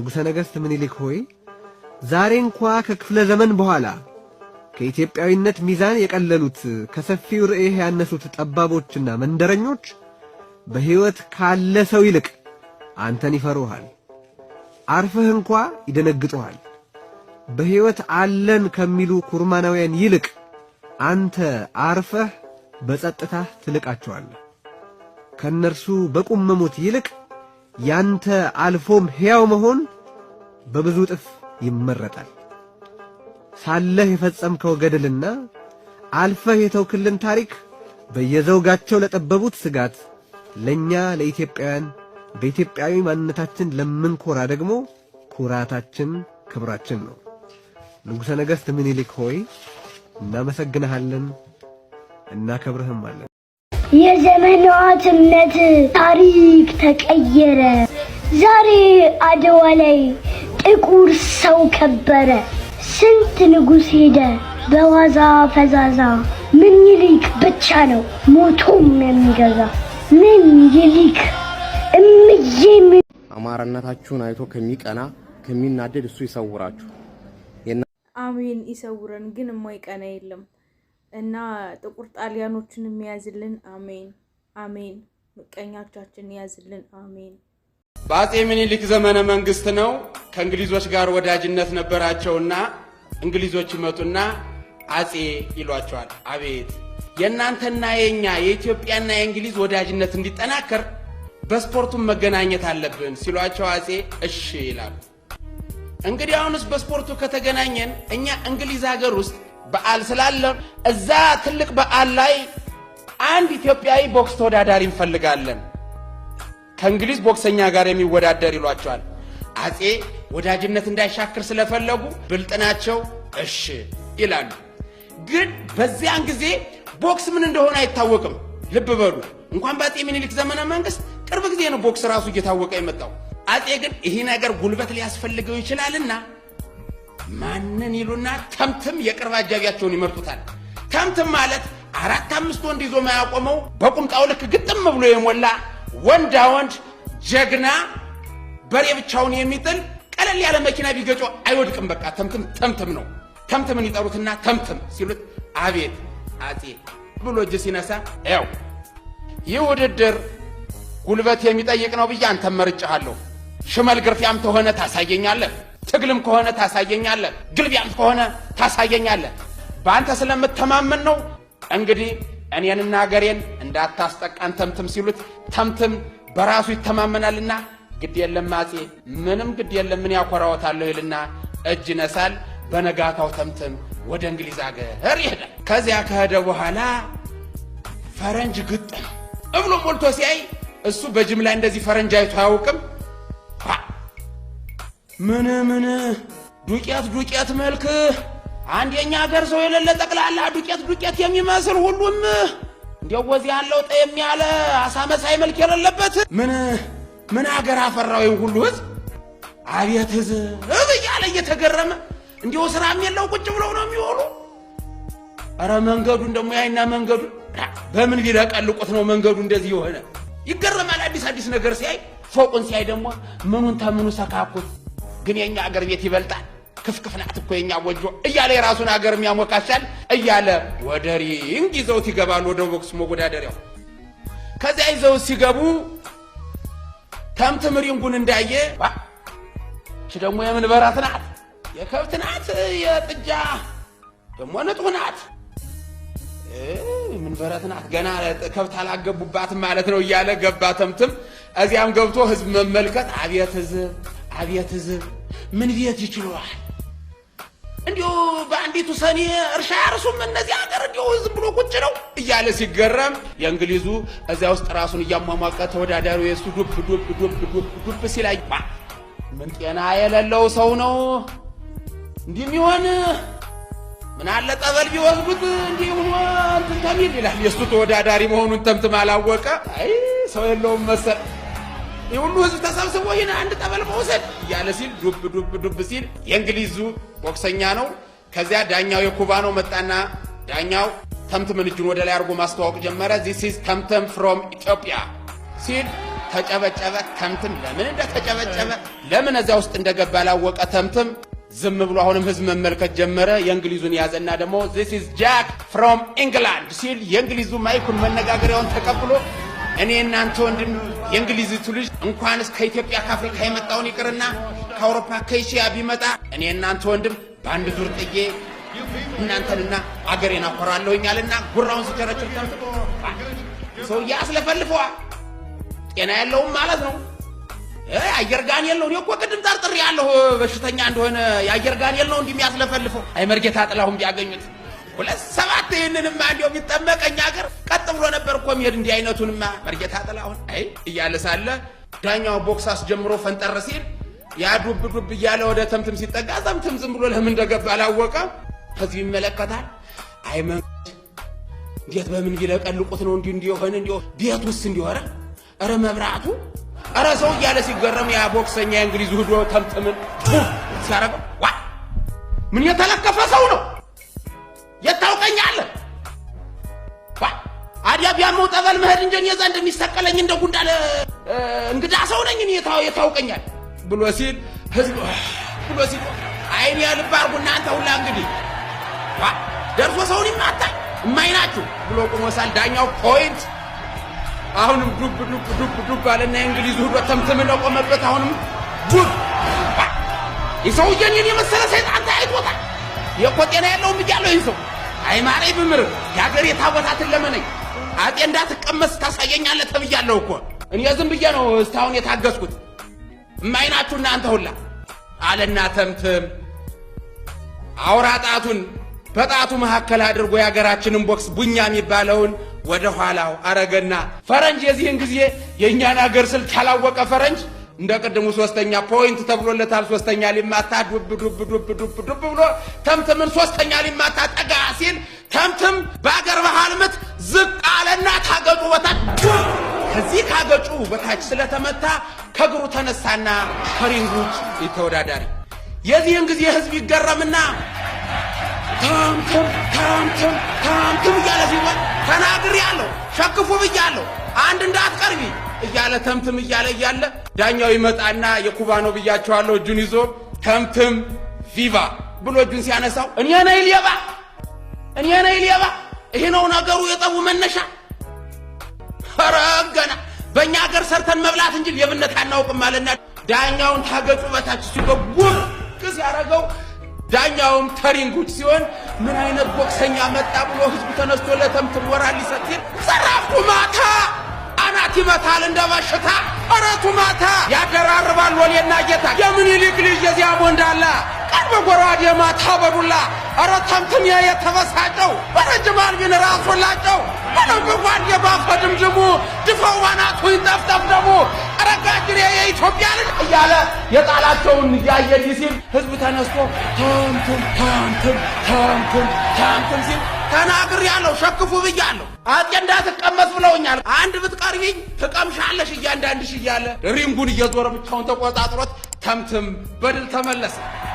ንጉሠ ነገሥት ምኒልክ ሆይ ዛሬ እንኳ ከክፍለ ዘመን በኋላ ከኢትዮጵያዊነት ሚዛን የቀለሉት ከሰፊው ርዕይ ያነሱት ጠባቦችና መንደረኞች በሕይወት ካለ ሰው ይልቅ አንተን ይፈሩሃል። አርፈህ እንኳ ይደነግጡሃል። በሕይወት አለን ከሚሉ ኩርማናውያን ይልቅ አንተ አርፈህ በጸጥታ ትልቃቸዋለህ። ከእነርሱ በቁመሙት ይልቅ ያንተ አልፎም ሕያው መሆን በብዙ እጥፍ ይመረጣል። ሳለህ የፈጸምከው ገድልና አልፈህ የተውክልን ታሪክ በየዘውጋቸው ለጠበቡት ስጋት ለእኛ ለኢትዮጵያውያን በኢትዮጵያዊ ማንነታችን ለምንኮራ ደግሞ ኩራታችን፣ ክብራችን ነው። ንጉሠ ነገሥት ምኒልክ ሆይ እናመሰግንሃለን፣ እናከብርህም አለን። የዘመናት እምነት ታሪክ ተቀየረ። ዛሬ አድዋ ላይ ጥቁር ሰው ከበረ ስንት ንጉሥ ሄደ በዋዛ ፈዛዛ ምን ብቻ ነው ሞቶም የሚገዛ ምን ይሊክ እምዬ ምን አማራነታችሁን አይቶ ከሚቀና ከሚናደድ እሱ ይሰውራችሁ። አሜን ይሰውረን። ግን የማይቀና የለም እና ጥቁር ጣሊያኖችን የሚያዝልን አሜን አሜን። ምቀኛቻችን ያዝልን አሜን። በአፄ ምኒልክ ዘመነ መንግስት ነው ከእንግሊዞች ጋር ወዳጅነት ነበራቸውና እንግሊዞች ይመጡና አጼ ይሏቸዋል። አቤት የእናንተና የኛ የኢትዮጵያና የእንግሊዝ ወዳጅነት እንዲጠናከር በስፖርቱን መገናኘት አለብን ሲሏቸው አጼ እሺ ይላሉ። እንግዲህ አሁንስ በስፖርቱ ከተገናኘን እኛ እንግሊዝ ሀገር ውስጥ በዓል ስላለን እዛ ትልቅ በዓል ላይ አንድ ኢትዮጵያዊ ቦክስ ተወዳዳሪ እንፈልጋለን ከእንግሊዝ ቦክሰኛ ጋር የሚወዳደር ይሏቸዋል። አጼ ወዳጅነት እንዳይሻክር ስለፈለጉ ብልጥናቸው እሺ ይላሉ። ግን በዚያን ጊዜ ቦክስ ምን እንደሆነ አይታወቅም። ልብ በሉ እንኳን በአጼ ሚኒሊክ ዘመነ መንግስት ቅርብ ጊዜ ነው ቦክስ ራሱ እየታወቀ የመጣው። አጼ ግን ይህ ነገር ጉልበት ሊያስፈልገው ይችላልና ማንን ይሉና ተምትም የቅርብ አጃቢያቸውን ይመርጡታል። ተምትም ማለት አራት አምስት ወንድ ይዞ ማያቆመው በቁምጣው ልክ ግጥም ብሎ የሞላ ወንዳ ወንድ ጀግና በሬ ብቻውን የሚጥል ቀለል ያለ መኪና ቢገጮ አይወድቅም። በቃ ተምትም ተምትም ነው። ተምትምን ይጠሩትና ተምትም ሲሉት አቤት አፄ ብሎ እጅ ሲነሳ ያው ይህ ውድድር ጉልበት የሚጠይቅ ነው ብዬ አንተም መርጭሃለሁ። ሽመል ግርፊያም ከሆነ ታሳየኛለህ፣ ትግልም ከሆነ ታሳየኛለህ፣ ግልቢያም ከሆነ ታሳየኛለህ። በአንተ ስለምተማመን ነው። እንግዲህ እኔንና አገሬን እንዳታስጠቃን ተምትም ሲሉት ተምትም በራሱ ይተማመናልና ግድ የለም አፄ ምንም ግድ የለም ምን ያኮራዎታለሁ ይልና እጅ ነሳል። በነጋታው ተምትም ወደ እንግሊዝ አገር ይሄዳል። ከዚያ ከሄደ በኋላ ፈረንጅ ግጥ ነው እብሎ ሞልቶ ሲያይ እሱ በጅምላ እንደዚህ ፈረንጅ አይቶ አያውቅም። ምን ምን ዱቄት ዱቄት መልክ አንድ የኛ ሀገር ሰው የሌለ ጠቅላላ ዱቄት ዱቄት የሚመስል ሁሉም እንዲያው ያለው ጠየም ያለ አሳ መሳይ መልክ የሌለበት ምን ምን ሀገር አፈራው ይሄን ሁሉ ህዝብ? አቤት ህዝብ እያለ እየተገረመ እንዲሁ ስራም የለው ቁጭ ብለው ነው የሚሆኑ። ኧረ መንገዱን ደግሞ ያይና መንገዱ በምን ቢለቀልቁት ነው መንገዱ እንደዚህ የሆነ ይገረማል። አዲስ አዲስ ነገር ሲያይ ፎቁን ሲያይ ደግሞ ምኑን ተምኑ ሰካኩት። ግን የኛ አገር ቤት ይበልጣል ክፍክፍ ናት እኮ የኛ ጎጆ እያለ የራሱን አገር የሚያሞካሻል እያለ ወደ ሪንግ ይዘውት ይገባሉ። ወደ ቦክስ መወዳደሪያው ከዚያ ይዘውት ሲገቡ ተምትምሪንጉን እንዳየ እች ደግሞ የምን በረት ናት? የከብት ናት፣ የጥጃ ደግሞ ንጡህ ናት። ምን በረት ናት? ገና ከብት አላገቡባትም ማለት ነው እያለ ገባ ተምትም። እዚያም ገብቶ ህዝብ መመልከት፣ አብየት ህዝብ፣ አቤት ህዝብ ምን ቤት ይችለዋል እንዲሁ በአንዲቱ ሰኔ እርሻ ያርሱም እነዚህ ሀገር እንዲሁ ዝም ብሎ ቁጭ ነው እያለ ሲገረም የእንግሊዙ እዚያ ውስጥ ራሱን እያሟሟቀ ተወዳዳሪ የሱ ዱብ ዱብ ዱብ ዱብ ዱብ ሲላይ ምን ጤና የሌለው ሰው ነው እንዲህም ይሆን ምን አለ ጠበል ቢወስዱት እንዲህ ሆኖ እንትን ከሚል ይላል። የእሱ ተወዳዳሪ መሆኑን ተምትም አላወቀ። አይ ሰው የለውም መሰል የሁሉ ህዝብ ተሰብስቦ ይህን አንድ ጠበል መውሰድ እያለ ሲል ዱብ ዱብ ዱብ ሲል የእንግሊዙ ቦክሰኛ ነው። ከዚያ ዳኛው የኩባ ነው መጣና ዳኛው ተምትምን እጁን ወደ ላይ አድርጎ ማስተዋወቅ ጀመረ። ዚስ ኢዝ ተምተም ፍሮም ኢትዮጵያ ሲል ተጨበጨበ። ተምትም ለምን እንደተጨበጨበ ለምን እዚያ ውስጥ እንደገባ ላወቀ ተምትም ዝም ብሎ አሁንም ህዝብ መመልከት ጀመረ። የእንግሊዙን ያዘና ደግሞ ዚስ ኢዝ ጃክ ፍሮም ኢንግላንድ ሲል የእንግሊዙ ማይኩን መነጋገሪያውን ተቀብሎ እኔ እናንተ ወንድም የእንግሊዝቱ ልጅ እንኳንስ ከኢትዮጵያ ከአፍሪካ የመጣውን ይቅርና ከአውሮፓ ከእስያ ቢመጣ እኔ እናንተ ወንድም በአንድ ዙር ጥዬ እናንተንና አገሬን አኮራለሁኛልና ጉራውን ሲቸረችር ሰውዬ አስለፈልፈዋል። ጤና የለውም ማለት ነው። አየር ጋን ነው። እኔ እኮ ቅድም ጠርጥሬ ያለሁ በሽተኛ እንደሆነ የአየር ጋን ነው እንዲህ የሚያስለፈልፈው። አይ መርጌታ ጥላሁን ቢያገኙት ሁለት ሰባት ይህንንማ እንዲያው እኛ ሀገር ቀጥ ብሎ ነበር እኮ የሚሄድ እንዲህ አይነቱንማ መርጌታ ጥላሁን አይ እያለ ሳለ ዳኛው ቦክስ አስጀምሮ ፈንጠር ሲል ያ ዱብ ዱብ እያለ ወደ ተምትም ሲጠጋ ተምትም ዝም ብሎ ለምን እንደገባ አላወቀ ከዚህ ይመለከታል። አይ መንገድ እንዴት በምን ቢለቀልቁት ነው እንዲህ እንዲሆን እንዲ ቤት ውስጥ እንዲሆረ ኧረ መብራቱ ኧረ ሰው እያለ ሲገረም ያ ቦክሰኛ የእንግሊዝ ሁዶ ተምትምን ሲያረገው ዋ ምን የተለከፈ ሰው ነው የሚሰቀለኝ አለ። አዲያ ቢያመው ጠበል መሄድ እንጂ እኔ ዘንድ የሚሰቀለኝ እንደ ጉንዳን እንግዳ ሰው ነኝ እኔ የታውቀኛል ብሎ ሲል ህዝብ ብሎ ሲል አይን ያልባ አርጉ እናንተ ሁላ እንግዲህ ደርሶ ሰውን ይማታ እማይናችሁ ብሎ ቆሞሳል። ዳኛው ፖይንት አሁንም ዱብ ዱብ ዱብ ዱብ አለና የእንግሊዙ ሁዶ ተምትም ቆመበት። አሁንም ዱብ ይህ ሰውዬ እኔን የመሰለ ሰይጣን ታይቶታል። የቆጤና ያለውም ብያለሁ ይሰው አይማሬ ብምር የሀገር የታቦታትን ለመነኝ አጤ እንዳትቀመስ ታሳየኛለህ ተብያለሁ እኮ እኔ ዝም ብዬ ነው እስካሁን የታገስኩት። እማይናችሁ እናንተ ሁላ አለና ተምትም አውራ ጣቱን በጣቱ መካከል አድርጎ የሀገራችንን ቦክስ ቡኛ የሚባለውን ወደ ኋላው አረገና ፈረንጅ የዚህን ጊዜ የእኛን ሀገር ስልት ያላወቀ ፈረንጅ እንደ ቅድሙ ሶስተኛ ፖይንት ተብሎለታል። ሶስተኛ ሊማታ ዱብ ዱብ ዱብ ዱብ ዱብ ብሎ ተምትምን ሶስተኛ ሊማታ ጠጋ ሲል ተምትም በአገር ባህል ምት ዝቅ አለና ካገጩ በታች ከዚህ ካገጩ በታች ስለተመታ ከእግሩ ተነሳና ከሪንግ ውጭ ተወዳዳሪ የዚህን ጊዜ ህዝብ ይገረምና ታምትም ታምትም ታምትም እያለ ሲሆን ተናግሬያለሁ፣ ሸክፉ ብያለሁ፣ አንድ እንዳትቀርቢ እያለ ተምትም እያለ እያለ ዳኛው ይመጣና የኩባ ነው ብያቸዋለሁ። እጁን ይዞ ተምትም ቪቫ ብሎ እጁን ሲያነሳው እኔ ነኝ ሌባ፣ እኔ ነኝ ሌባ። ይሄ ነው ነገሩ፣ የጠቡ መነሻ። ኧረ ገና በእኛ ሀገር ሰርተን መብላት እንጂ ሌብነት አናውቅም አለና ዳኛውን ታገጹ በታች ሲበጉር ቅስ ያደረገው ዳኛውም ተሪንጉድ ሲሆን ምን አይነት ቦክሰኛ መጣ ብሎ ህዝቡ ተነስቶ ለተምትም ወራ ሊሰጥ ሲል ማታ ጩኸት ይመታል እንደ በሽታ እረቱ ማታ ያደራርባል ወሌና ጌታ የምኒልክ ልጅ የዚያ ቦንዳላ ቀርበ ጎራድ የማታ በዱላ እረ ተምትምያ የተበሳጨው በረጅም አልቢን ራሱን ላጨው በደንብ ጓድ የባፈ ድምድሙ ድፈው ባናቱ ይንጠፍጠፍ ደሙ ተረጋግሬ የኢትዮጵያን እያለ የጣላቸውን እያየድ ሲል ህዝብ ተነስቶ ታምትም ታምትም ታምትም ታምትም ሲል ተናግር ያለው ሸክፉ ብያለሁ። አጤ እንዳትቀመስ ብለውኛል። አንድ ብትቀርቢኝ ትቀምሻለሽ እያንዳንድሽ እያለ ሪንጉን እየዞረ ብቻውን ተቆጣጥሮት ተምትም በድል ተመለሰ።